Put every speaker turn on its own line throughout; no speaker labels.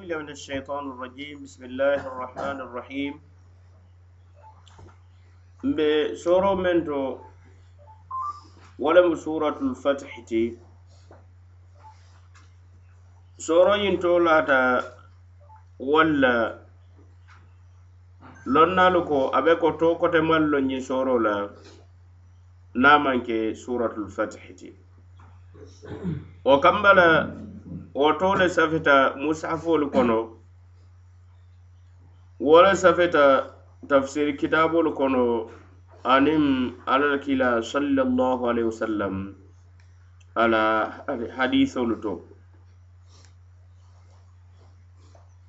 billahi min alshaitani rrajim bisimillahi arrahmani arrahim mbe soro men to walemu suratul fatihi ti soroyin to lata walla lonnalu ko abe ko to kote mallo ñi soro la namanke suratul fatihi ti o kambala wo to le safita musafolu kono wo le safita tafsiri kitabolu kono anin alal kila sallallahu alaihi wasallam ala hadisolu to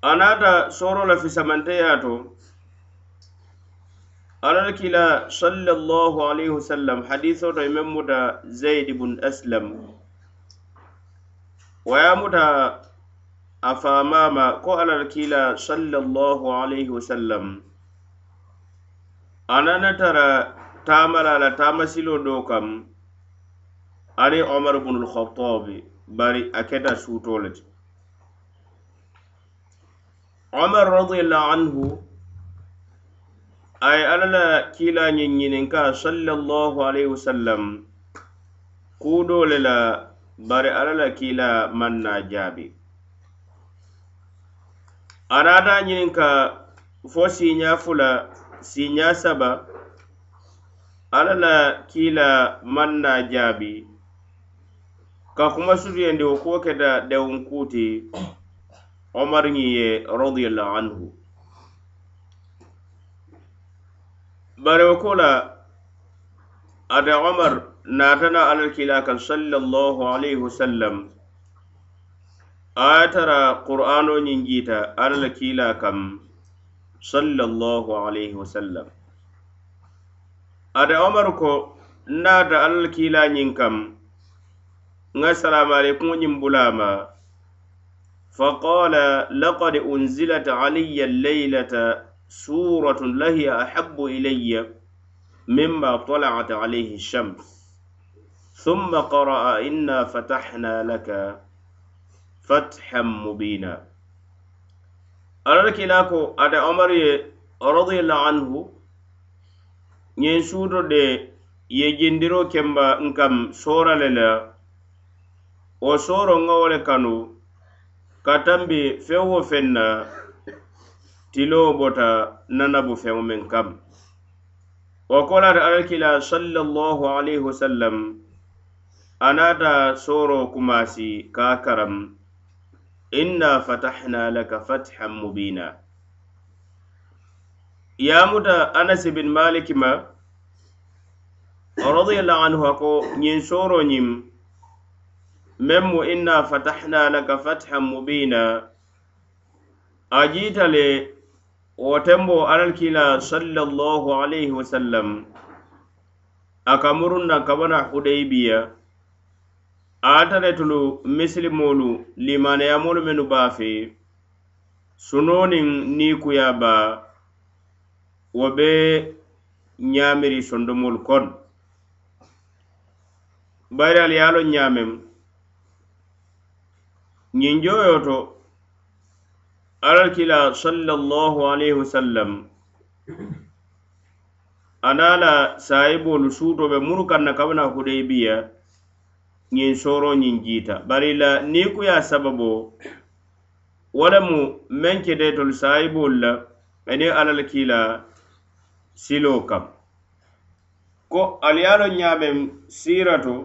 anata soro la fisamanteya to alal kila sallallahu alaihi wasallam hadisoto imen muta zaid ibun aslam mm -hmm. wayamuta a famama ko alal kila sallallahu alaihi wasallam anana tara tamala la tamasilo do kam ani omar bnul khattabi bari a keta suto le ti omar radiallahu anhu ay ala la kila ñiŋ ñininka sallallahu alaihi wasallam kudo le la bari ala la kila man na jaabi arata ñininka fo siiña fula siiña saba ala la kila man na jaabi ka kuma sutuyendi wo kuwo keta dewun kuti omar ñi ye radiallahu anhu bari wo ko la ate omar ناتنا على الكلاك صلى الله عليه وسلم آترى قرآن ننجيتا على الكلاك صلى الله عليه وسلم أدى عمرك ناتا على الكلا ننكم نعم، السلام عليكم ننبلاما نعم، فقال لقد أنزلت علي الليلة سورة لهي أحب إلي مما طلعت عليه الشمس ثم قرأ إنا فتحنا لك فتحا مبينا ala kilako ada omar ye radiyallahu anhu ñen suudo de ye jindiro kemba nkam sorale la wo soro ŋa wo le kanu ka tambi feŋ wo feŋ na tiloo bota nanabu feŋo meŋ kam wo kolata ala kila sallallahu alayhi wasallam a soro kumasi kakaram inna fatahna laka fathan mubina yamuta anas bin malik ma radiyallahu anhu a ko ñiŋ sooro ñiŋ meŋ inna fatahna laka fathan mubina a le wotembo alal kila sallallahu alaihi wasallam akamurunna kabana hudaybiya altaretulu misilimolu limanayamolu menu baafe sunonin nikuya ba wo be ñamiri sondomolu kon bari al yalo ñamen ñinjoyo to alal kila sallallahu alayhi wasallam anala sayibolu suto be muru kanna kabana kudeybiya ñiŋ soro ñiŋ jiita bari la ni ku ye sababo wo lemu meŋ keteetolu saayiboolu la ani alla la kiila siloo kam ko ali ye a loŋ ñaameŋ siirato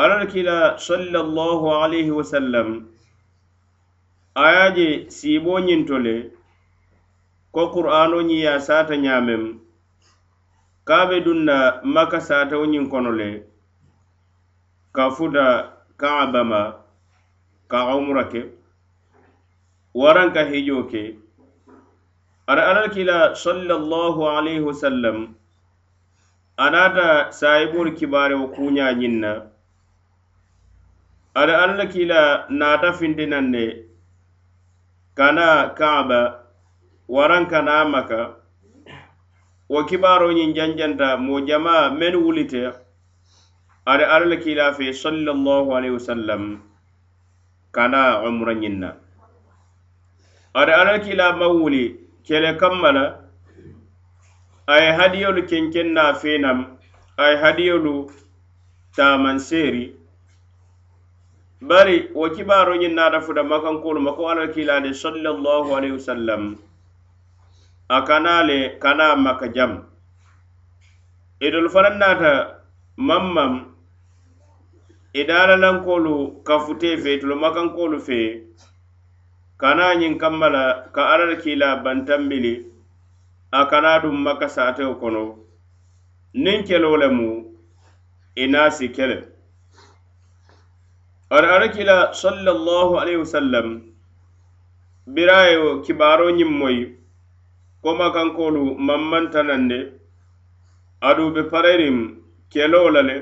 alla la kiila sallallahu alayhi wasallam a ye a je siiboo ñiŋ to le ko qur'aano ñiŋ ye a saata ñaameŋ ka a be duŋ na maka saatawo ñiŋ kono le kafuda kaabama ka umra ke waran ka hijo ke ara alal kila sallallahu alaihi wasallam anata saibur kibare wa kunya nyinna ara alal kila nata findinanne kana kaaba waran kana maka wa kibaro nyin janjanta mo jamaa men wulite ari ari la kiila fe sallallahu alaihi wasallam kana umra nyinna ari ari la kiila mawuli kele kammala ay hadiyolu kenken na fe nam ay hadiyolu taman seri bari wo kibaro nyinna da fuda makan kulu mako ari la kiila de sallallahu alaihi wasallam akana le kana makajam idul fanan nata mamam mam, idalalankolu e kafute fe e tulomakankolu fe kana ñin kamma la ka alal kila bantanbili a kana dum maka satew kono nin kelo lemu inasi e kele ar ara kila sallallahu alaihi wasallam birayo kibaro nyim moy ko makankolu mamman tanande adu be parerim kelo lale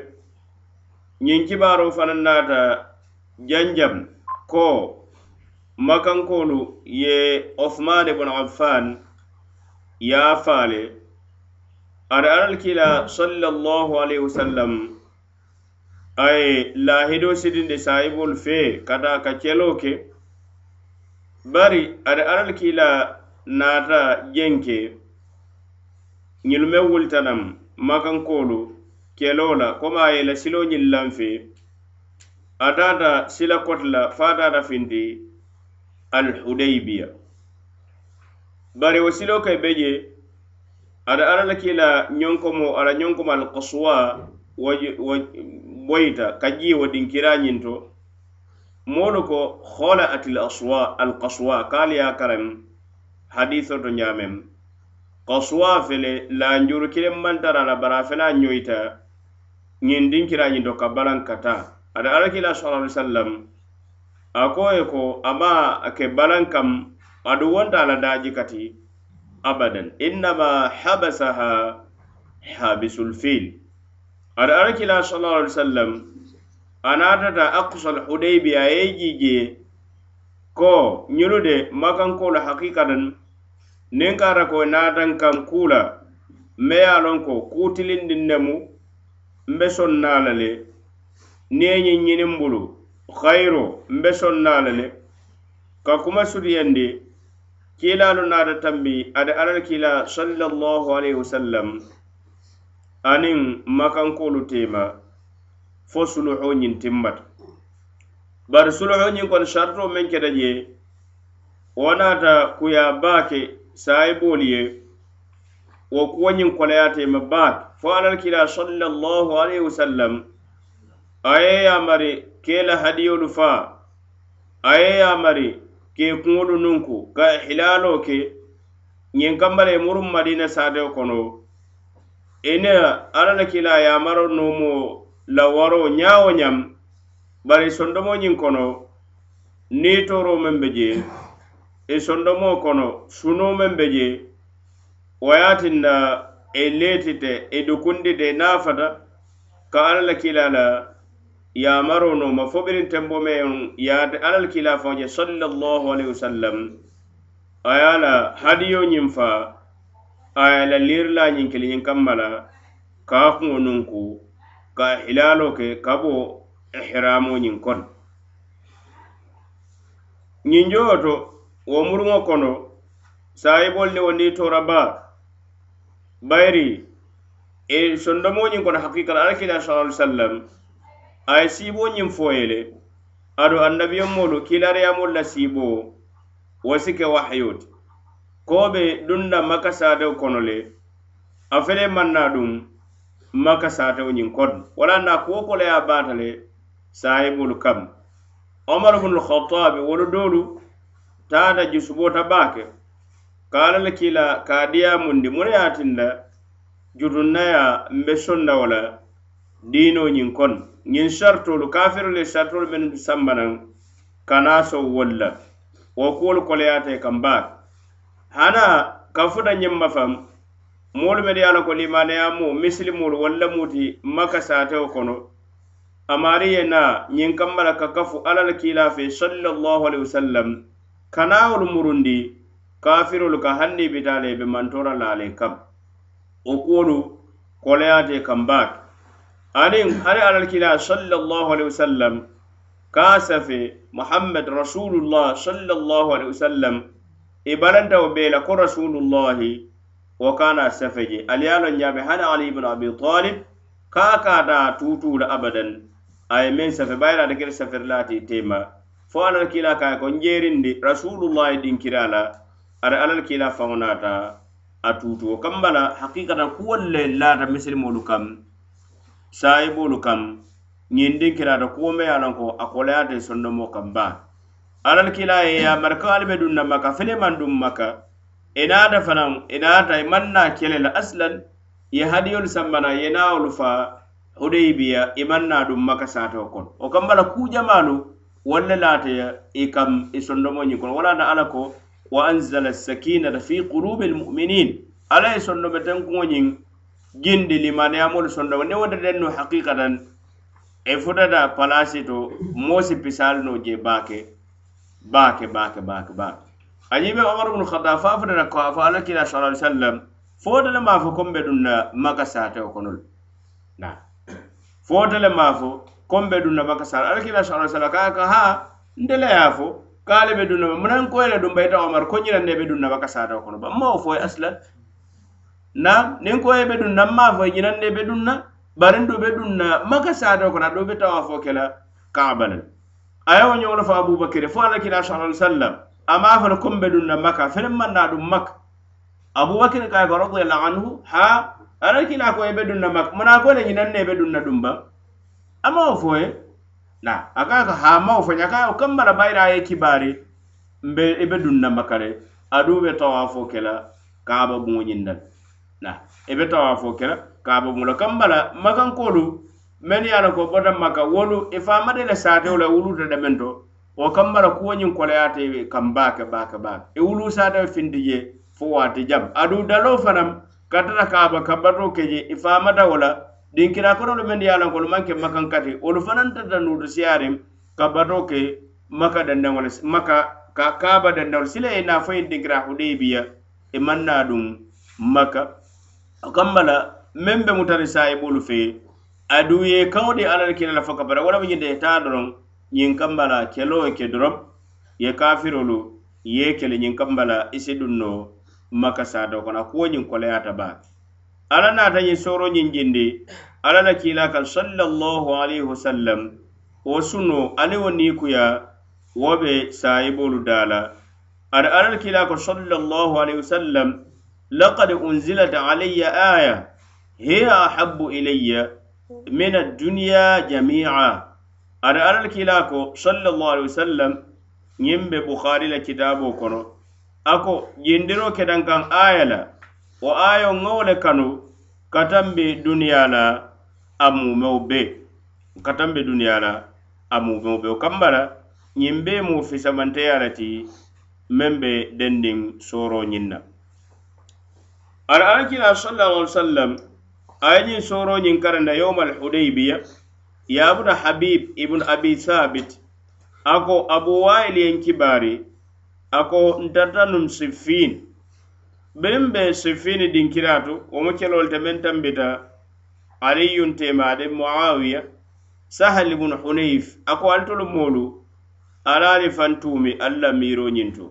ñiŋ kibaaroo fanaŋ naata janjam ko makankoolu ye othman ibun affan ye a faale ari alalkila sallallahu alaihi wasallam a ye laahidoo sidindi saayiboolu fe ka taa ka keloo ke bari ari alalkila naata jeŋ ke ñiŋ meŋ wulitanam makankoolu kelona koma yela silo ñillan fe atata sila kotla fatata findi alhudaybiya bari wo silo ke be je ada alala kila ñonkomo ala ñonkomo alkaswa wa boyita ka ji wo dinkira ñinto moolu ko hola atil aswa alkaswa kaali ya karam hadiso to ñamen kaswa fele la njuru kilen mantara la bara fela ñoyta ñiŋ dinkira ñiŋ do ka balaŋ ka taa ada alakila sala alai sallam a ko ye ko a ma ke balaŋ kam adu wonta a la daaji kati abadan innama habasaha habisul fiil ada alakila sala alai sallam a naatata akusal hudaybi a ye jiije ko ñunu de makankoolu hakikatan niŋ kaata ko naatan kan kuula me ye a loŋ ko kuutilindin ne mu mbe son nala le neñi ñinin bulu hayro mbe son nala le ka kuma suriyandi kilalu nada tambi ada alal kila sallallahu alaihi wasallam anin makankolu tema fo suluho ñin timmata bari suluho ñin kon sharto men keda je wonata kuya baake sayi booli ye wo kuwoñin koleyatema baake faalal kila sallallahu alayhi wa sallam aye ya mari kela hadiyolu fa aye ya mari ke kunwolu nunku ka hilalo ke ñin kambale murun madina sadeo kono ina e alla la kila yamaro numo lawaro ñawo ñam bari sondomo ñin kono ni toro men be je i e sondomo kono sunu men be je wayatinna e letite e dukundide e nafata ka alla kilala yamaruno ma foɓirin tembo meyon yaate alal kila fawje sallallahu alaihi wasallam ayala hadiyo ñin fa ayala lirla ñin kili ñin kammala ka kuŋo nunku ka hilalo ke ka bo ihramo ñin kon ñinjoyo to womuruŋo kono sayibol ni wondi tora baa bayri e sondomoñin kono hakikal alakila sal sallam aye siibo ñin foyele aɗo annabiyonmolu kilariyamolu la siibo wasike waxayoti koɓe ɗunna makasatew kono le a fele manna ɗum makasatew ñin kon wala na kuwo koloya bata le sahibolu kam omar bnulkhatabe wolu dolu tata jusubota baake kaalal kila kaadiya mundi mune yaatinda jutunnaya mbe sondawola diino ñin kon ñin sartolu kafirole sartolu men sambanan kana sow wolla wo kuwolu koleyaatae kan baar hana kafuta ñimma fam moolu mede ye ala ko limaneya mu misilimolu walla muti maka saatewo kono amari ye na ñin kambala ka kafu alal kiila fe sallallahu alayhi wa sallam kanawolu murundi kafirolu ka hanni bitale be mantora lale kam o kuwolu koleyate kambaake aniŋ hani alalkila sallallahu alaihi wasallam ka safe muhammad rasulullah sallallahu alaihi wasallam i balantawo bee la ko rasulullahi wo kana safe je ali ye ali ibnu abi talib ka kata tutuu abadan a ye meŋ safe bayira ate kele saferilaati tema fo alalkila ka ko njeerindi rasulullahi dinkira la ara alal kila fawnata a tutuwo kambala hakikatan kuwolle lata misilimolu kam sayibolu kam ñindin kirata kuwomeyalan ko a koleyate sondomo kam ba alal kila ye ya marka alibe dunna maka filiman dun maka inata e fanan e inata e manna kelela aslan ye hadiyolu sambana ye nawolu fa hudaybiya i manna dun maka satewo kono o kambala kujamalu walle lateya i kam i sondomo ñi kono walana ala ko وأنزل السكينة في قلوب المؤمنين ألا يسنو بتنقونين جند لما نعمل سنو نوانا دنو حقيقة افتدى بلاسيتو موسي بسال نوجي باكي باكي باكي باكي باكي أجيب عمر بن الخطاب فافتدى كوافا لكي صلى الله عليه وسلم فوت لما فكم بدون مكسات وكنول نعم فوت لما فكم بدون مكسات لكي صلى الله عليه وسلم كاكا ها ndele فو kaale be dunnaba munan koyle dum bayta omar ko ñiran ne be dunnaba ka saata kono ba mawo foy aslan na nin koye be dunna ma foy ñiran ne be dunna barin do be dunna maka saata kono do be tawa fo kela kaabal ayawo ñoolo fo abubakire fo ala kila sa alai sallam ama fana kom be dunna maka fene manna dum maka abubakire kay ko radiyallahu anhu ha ala kila koye be dunna maka muna koyle ñiran ne be dunna dum ba amawo foye na aga ka hama o fanya ka o kamara bayra ye kibari mbe ebe dunna makare adu be tawafo kela kaaba bunyinda na ebe tawafo kela kaaba mulo kambala magan kolu men yana ko boda maka wolu e famade le saate wala wulu de demento o kambala ko wonyin kola ya tewe kamba ka ba ka ba e wulu saate findi ye fo wati jam adu dalo fanam kadara kaaba kabato keje e famada wala dinkira korolu men ya lankolu man ke makan kati olu fanan tata nudu siyare ka bato ke maka dandangole maka ka kaba dandangole sila ye na fayin dinkira hudebiya e man na dun maka kambala men be mutari sayi bolu fe adu ye kawde ala ke la faka bara wala bi de ta doron nyin kambala kelo e ke doron ye kafirolu ye kele nyin kambala isidunno maka sa do kona ko nyin kole ata baki alla naata ñiŋ sooro ñiŋ jindi alla la kiila kaŋ sallallahu alayhi wasallam wo suno ali wo niikuya wo be saayiboolu daa la ada alla la kiila ko sallallahu alayhi wasallam laqad unzilat alayya aya hiya ahabbu ilayya min adduniya jami'a ada alla la kiila ko sallallahu alayhi wasallam ñiŋ be bukhaari la kitaaboo kono a ko jindiro kedan kaŋ aya la wo ayo ŋole kanu katambe duniyala a mumeo be katambe duniyala a mumeo be o kambala ñiŋ be mu fisamanteyala ti meŋ be dendiŋ soro ñiŋ na ala alakila sallallahu alaihi wasallam aye ñiŋ soro ñiŋ karanda yowmal hudaybiya yabuna habib ibnu abi sabit ako abu wayil yeŋ kibari ako ntata num siffiine Bin be Sifini dinkiratu wo mu kelolu te meŋ tambita aliyun tema ade muawiya sahal ibn hunayf ako ko alitolu moolu ala ali fantuumi alla miro ñinto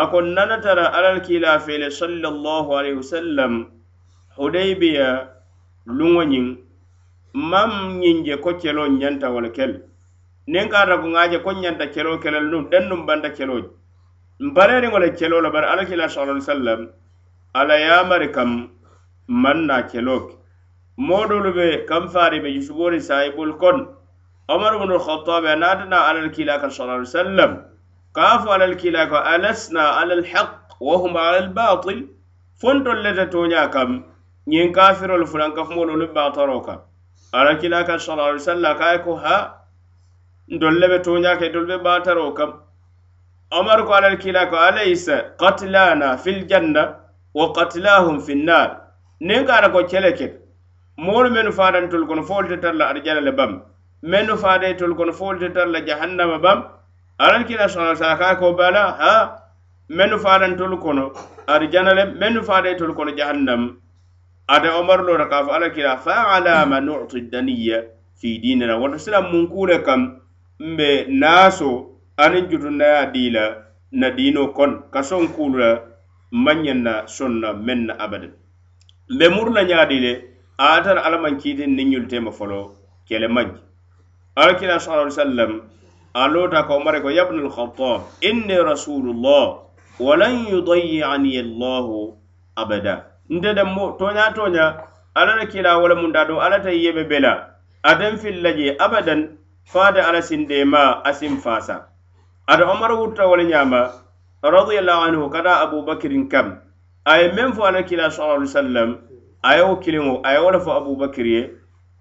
ako nana tara alal kiila fele sallallahu alayhi wasallam hudaybiya luŋo ñiŋ maŋ je ko keloo nyanta wala kel nen ka ko ŋa ko nyanta keloo kelal nu dennum banda banta nbareriŋo le keloo la bari alakila sallallahu alaihi wasallam ala yamari kam man na keloo ke moodolu be kanfaari be yusuboori saayibolu kon omar bunu khattabe naatana alal kila ka sallallahu alaihi wasallam kaa fo alal kila ko alasna ala haq wa ala alal fontol lete tooñaa kam ñiŋ kafirolu fulankafuŋolu olu baataro kan alakila ka sallallahu alaihi wasallam kaa ko ha ndolle be tooñaa ke itolu be baataro kam omar ko alal kila ko alaysa katlana fil janna wa katlahum fi nnar nin kara ko celeket moolu mennu fadan tol kono folte tarla arjana le bam mennu fada tol kono folte tarla jahannama bam alal kila sa sa ka ko bala ha mennu fadan tol kono arjana le mennu fada tol kono jahannam ada omar lo ra ka fa alal kila fa ala ma nu'ti daniya fi dinina wa sallam mun kure kam be naso aniŋ jutunaya dii la na diino kono ka soŋ kuulu la maŋ ñaŋ na soŋ na meŋ na abada be muru na ñaadi le a atara alla maŋ kiitiŋ niŋ ñulu tema folo kele maŋ alakira sa ai sallam a loota ka omari ko yabnul khatab inni rasulullah wa lan yudayyani allahu abada nte de mo toña toña alla la kila wala munda do alla ta yebe bela aten fillaje abadan faade alla sindema asin faasa ada omar wurta wala nyama radiyallahu anhu kada abubakirin kam a ye meŋ fo ala kila sallallahu alaihi wasallam a ye wo a fo abubakir ye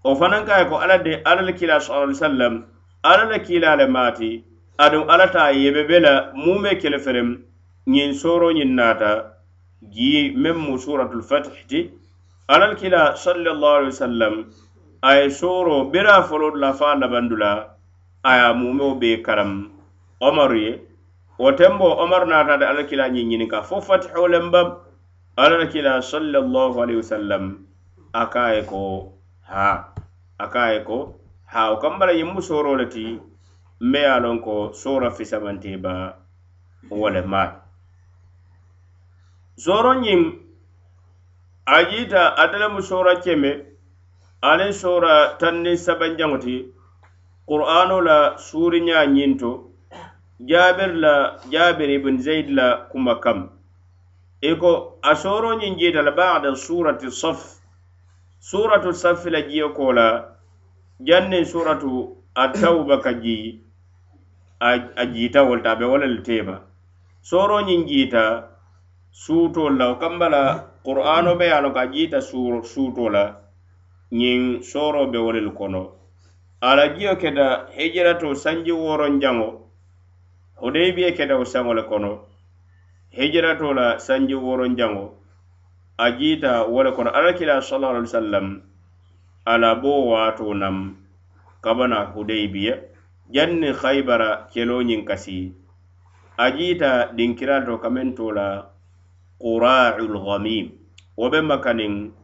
o fanaŋ ka ye ko ala de ala kila sallallahu alaihi wasallam ala le kila le mati aduŋ ala ta yebe be la muŋ be kele ferem ñiŋ sooro ñiŋ nata gi meŋ mu suratul fatih ti ala kila sallallahu alaihi wasallam a ye bira folo la fa labandu la a ye mumeo be karam omaru ye wo tembo omaru naata de alla kila ñiñininka fo fatiholen bam alla la kila sallallahu alayhi wasallam a kaye ko ha a kaye ko ha o kambala yimmu soro le ti me ye lon ko sora fisamante ba wole ma soro ñin a jiita atele mu sora keme aniŋ sora tanni sabanjaŋo ti qur'ano la suuriña ñinto jaber la jaber ibn zaid la kuma kam e ko a soroñin jeta la bada surati saf suratu saf la jiyo ko la janni suratu attawba ka ji a jita wolta be wala le tema soroñin jita suutol la o kamba la qur'ano be yalo ka jita suuto la ñin soro be wolel kono ala jiyo keda hijrato sanji woron jango o dai bi kedawo sangole kono hijiratola sanji woron jango a jita wole kono alakila sallallahu alaihi wasallam ala bo wato nam kabana hudaybiya janni khaybara kelo nyin kasi a jita din kiralto kamentola qura'ul ghamim wobe makanin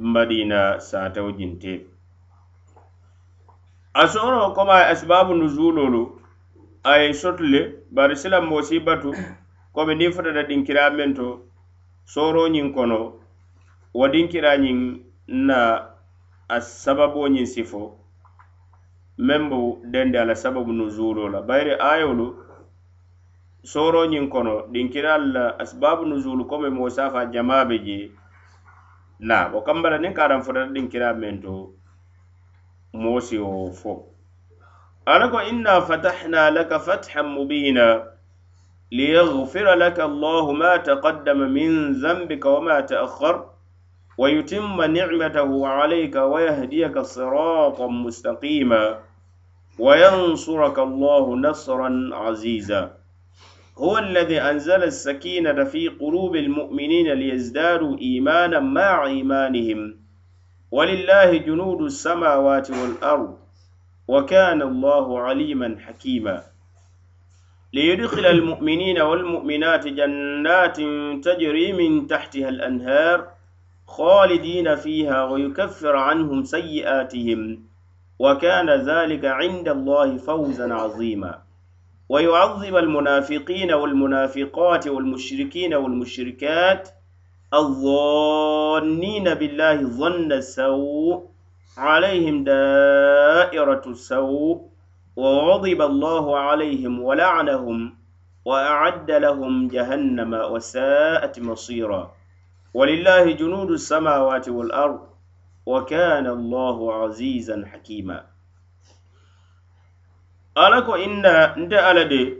madina satawjinte asoro koma asbabu nuzululu aye sotu le bari silanmo si batu komi ni fotata dinkira men to soroñin kono wa dinkirañin na a sababoñin sifo men bo dende ala sababu nuzulo la bayri ayolu soroñin kono dinkiral la asbabu nuzulu komi mosafa jamaɓe je na o kambala nin karan fotata dinkira men to mosi o fo ala إنا فتحنا لك فتحا مبينا ليغفر لك الله ما تقدم من ذنبك وما تأخر ويتم نعمته عليك ويهديك صراطا مستقيما وينصرك الله نصرا عزيزا هو الذي أنزل السكينة في قلوب المؤمنين ليزدادوا إيمانا مع إيمانهم ولله جنود السماوات والأرض وكان الله عليما حكيما ليدخل المؤمنين والمؤمنات جنات تجري من تحتها الأنهار خالدين فيها ويكفر عنهم سيئاتهم وكان ذلك عند الله فوزا عظيما ويعظم المنافقين والمنافقات والمشركين والمشركات الظانين بالله ظن السوء عليهم دائرة السوء وغضب الله عليهم ولعنهم وأعد لهم جهنم وساءت مصيرا ولله جنود السماوات والأرض وكان الله عزيزا حكيما alako inna nte ألدي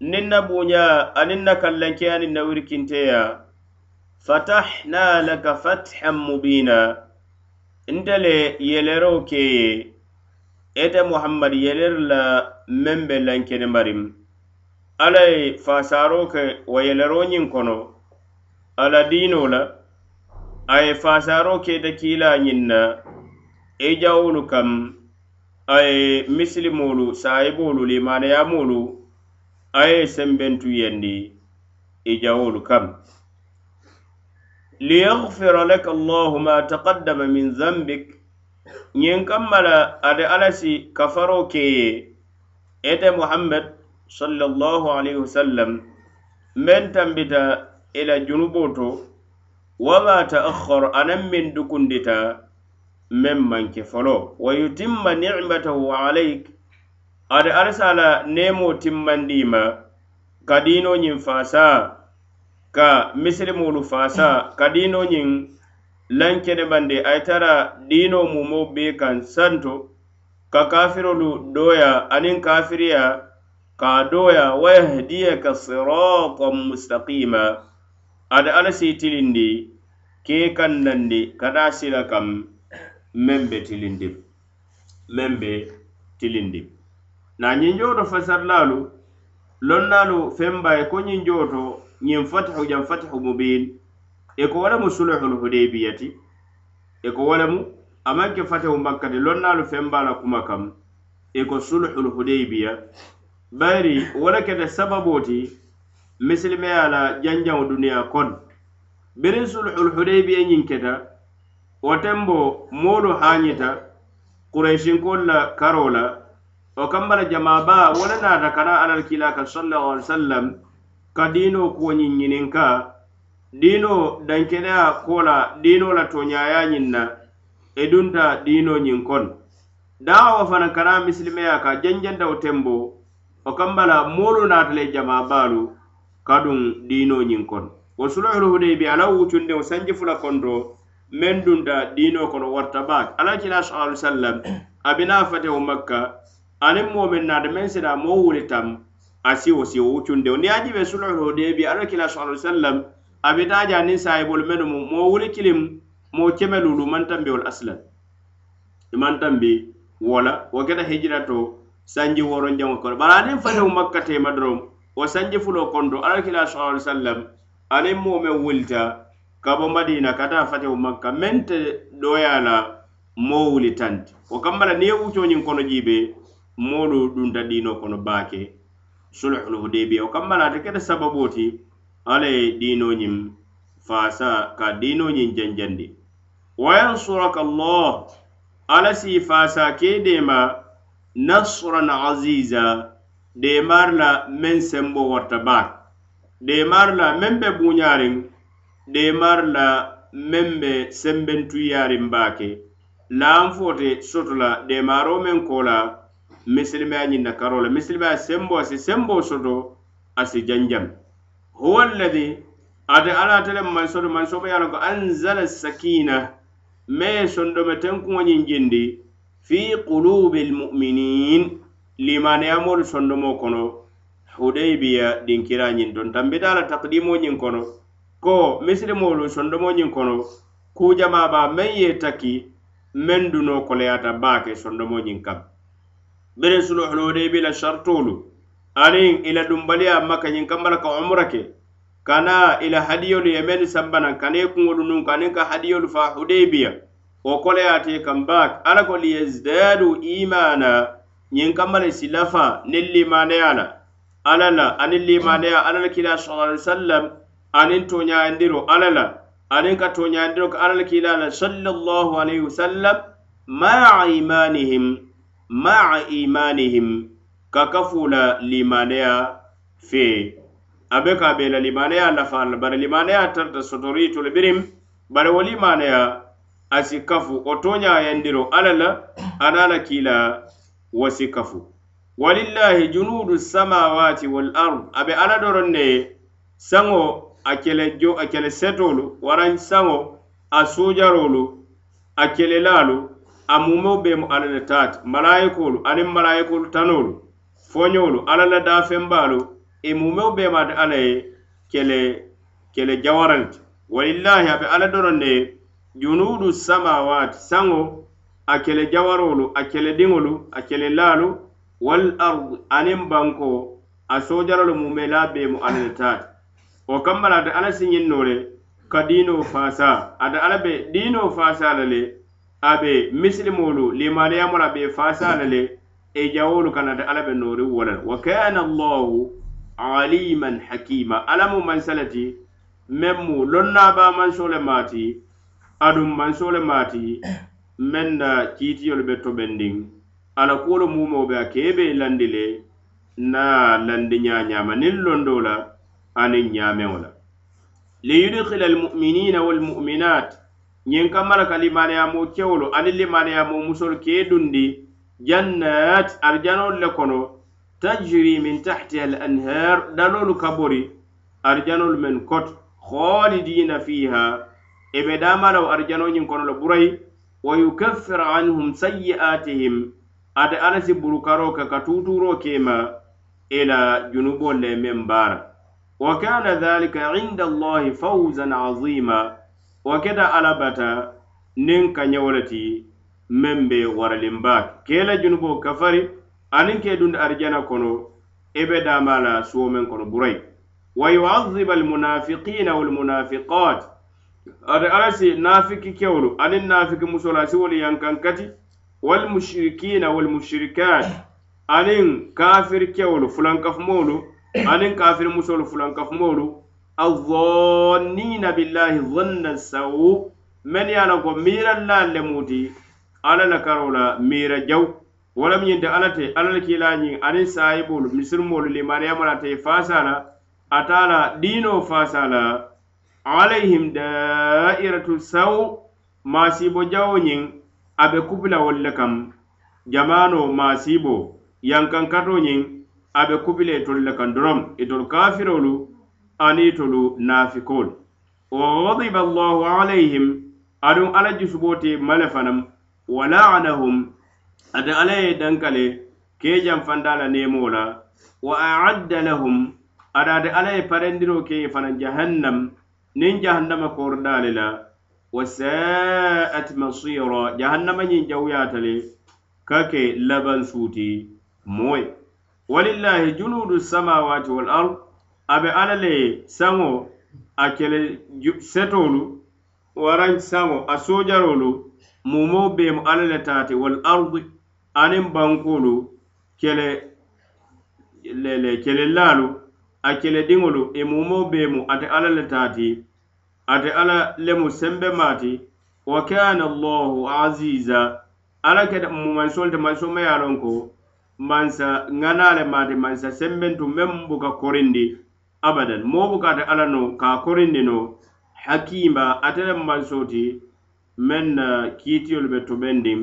de بونيا أننا كاللنكيان النوير كنتيا فتحنا لك فتحا مبينا intale yelero keye ete muhammad yeler la meŋ be lankene marim alla ye fasaro ke wa yelero ñiŋ kono alla diino la a ye fasaro keta kiila ñiŋ na i e jawolu kam a ye misilimolu sahibolu limaneyamolu a ye sembentu yendi i e jawolu kam ليغفر لك الله ما تقدم من ذنبك ينكمل أدي ألسي كفروك إيه محمد صلى الله عليه وسلم من تنبت إلى جنوبوتو وما تأخر أنا من دكندتا من من كفرو ويتم نعمته عليك أدي ألسى على نيمو تمان ديما قدينو ينفاسا ka misilimolu faasa ka diino ñiŋ laŋ kenemande a ye tara diino mumo be kaŋ santo ka kafirolu dooya aniŋ kafiriya ka dooya wa yahdiyaka sirata mustakima ada ala si tilindi ke kan nandi kada sila kam membe tilindi membe tilindi na nyinjoto fasarlalu lonnalu fembay ko nyinjoto ñiŋ fatahu jaŋ fatahu mubin e ko wo lemu sulhul hudaybiyati e ko wo lemu a maŋ ke fatahu makkati lonnaalu fenba la kuma kam e ko sulhul hudaybiya bayri wo le kete sababoo ti misilimeya la janjaŋo duniya kono biriŋ sulhul hudaybiya ñiŋ keta wo tembo moolu haañita kurasinkolu la karo la o kambala jamaa baa wo le naata kana alal kiila ka sallallahu alai wa sallam ka dino kuwo ñin ñininka dino dankeneya kola dino la toñaya ñin na e dunta dino ñin kon dawo fana kana misilimeya ka janjandaw tembo o kambala molu natale jama balu kadun dino ñin kon wo sulhulhudaybi ala wucundew sanji fula konto men dunta dino kono warta bak alakila sa alu sallam abina fate wo makka anin momin nata men sina mo wuli tam a siwo siwo wucunde ndi a jiɓe sulhuho de bi ala kila sa sallam a be ta ja nin sahibol menu mu mo wuri kilim mo kemelulu man tambe wol aslan man tambi wala wo keta hijira to sanji woro jango kono bara nin fa dow makka te madrom wo sanji fulo kondo ala kila sa sallam ani mo me wulta kabo madina kata fate wo makka mente doyala mo wuli tanti wo kambala ni wucoñin kono jibe modu dunta dino kono bake sulhul hudaybiya o kamma lata kete sababo ti alla ye diinoñin faasa ka diinoñin janjandi wa yansuraka allah alla si faasa ke deema nasran asisa deemar la meŋ sembo warta baar deemar la meŋ be buñariŋ deemar la meŋ be sembentuyariŋ baake laan fo te soto la deemaro meŋ ko la misilimeya ñinna karo la misilimeya sembo si sembo soto asi janjam huwa alladi ate ala tele mansodo mansobo ye lon ko anzala sakina maye sondome tenkuŋo ñiŋ jindi fi qulubi almuminin limaneyamolu sondomo kono hudaybiya dinkira ñin ton tambita la takdimo ñin kono ko misilimolu sondomo ñin kono kujamaba man ye taki man duno koleyata baake sondomo ñin kam beren suluhulode bila shartolu anin ila dumbaliya maka yin kambala ka umra ke kana ila hadiyolu yemen sambana kane kungolu nun kanin ka hadiyolu fa hudebiya o kole ate kam bak ala ko li yazdadu imana yin kambala silafa nilli maneyala alala anilli maneya alala kila sallallahu sallam anin to nya andiro alala anin ka to nya andiro ka alala kila sallallahu alaihi wasallam ma imanihim maa imanihim ka kafula limaneya fe abe ka be la limaneya nafal bare limaneya tarta sotoritul birim bare wo limaneya asi kafu o toña yandiro ala la ana la kila wasi kafu walillahi junudu samawati wal ard abe ala doron ne sango akele jo akele setolu waran sango asujarolu akele lalu a mumeo be mo alla le taati malayikoolu aniŋ malayikoolu tanoolu foñoolu alla la daafenbaalu ì mumeo be maati alla ye kele kele jawarali ti walillahi abe alla doroŋ ne junuudu samawaati saŋo a kele jawaroolu a kele diŋolu a kele laalu wal ardu aniŋ bankoo a soojaralu mume la be mo alla le taati wo kamma la ate alla siñiŋ noo le ka diinoo faasa ate alla be diinoo faasa la le abe misili moolu limaniyamola be fasala le e jawolu kanata ala be nori wolal wa kana allahu aliman hakima alamu mansalati men mu lonnaba mansole maati adum mansole maati men na kiitiyolu be tobendin alakuwolu mumo be a kebe landi le na landi ñañama nin londo la aniŋ ñamewo la liyudkhila almuminina walmuminat al ñiŋ kammala ka limaniyamu kewolu ani limaniyamu musolu kee dundi jannat arjanolu le kono tajri min tahtiha al anhar dalolu ka bori arjanolu men kot khalidina fiha ebe damalaw arjanoñin kono lo burayi wa yukaffir anhum sayi'atihim ate alasi burukaro ke ka tuturo kema ila junubol le men bara wa kana dhalika inda allahi fawzan azima waketa ala bata nin kanyawolati meŋ be waralinbaake ke la junubo kafari aniŋ ke dunda arijana kono i be dama la suwo meŋ kono burai wa yuazib almunafiqina walmunafiqat ate alla si nafiki kewolu aniŋ nafiki musola si wolu yankaŋ kati walmushirikina walmushirikat aniŋ kafiri kewolu fulankafumolu aniŋ kafiri musolu fulankafumolu adhonnina billahi dhanna sau men ye ala ko miiralla lemuti ala la karola miira jaw walam ñinte alate ala la kiilañiŋ aniŋ sahibolu misilumolu limaniyamala ta faasala ata la diino faasala alayhim dairatu sau maasibo jawoñiŋ abe kubila wol le kam jamano maasibo yankankatoñiŋ abe kubile tol le kam dorom itol kafirolu aniitolu naafikoolu wa ghadiba allahu alayhim aduŋ alla jusuboote male fanaŋ wa la'anahum ate alla ye dankale kee janfanda la neemoo la wa aadda lahum ada ate alla ye parendiroo ke ye fanaŋ jahannam niŋ jahannama kooridaale la wa saat masiira jahannama ñiŋ jawuyaata le ka ke labaŋ suuti moo ye walillahi junudu samawaati wal ard abe ala le sango a kele setolu waran sango a sojarolu mumo bemu ala le tati wal ardi anin bankolu kele lele kele lalu a kele dingolu e mumo bemu ate ala le tati ate ala lemu sembe mati wa kana allahu aziza ala kede muman solte man somayalon ko mansa ŋanale mate mansa sembentu meŋ buka korindi abadan moobo kaate ala no ka korindi no hakiima ate le mansoti meŋ na uh, kiitiyolu be tubendiŋ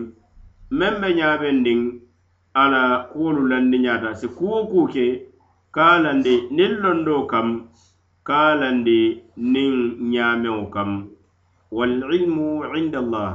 meŋ be ñaabendiŋ ala kuwolu landi ñaata si kuwo kuu ke ka a landi niŋ londo kam ka a landi niŋ ñaamewo kam walilmu indallah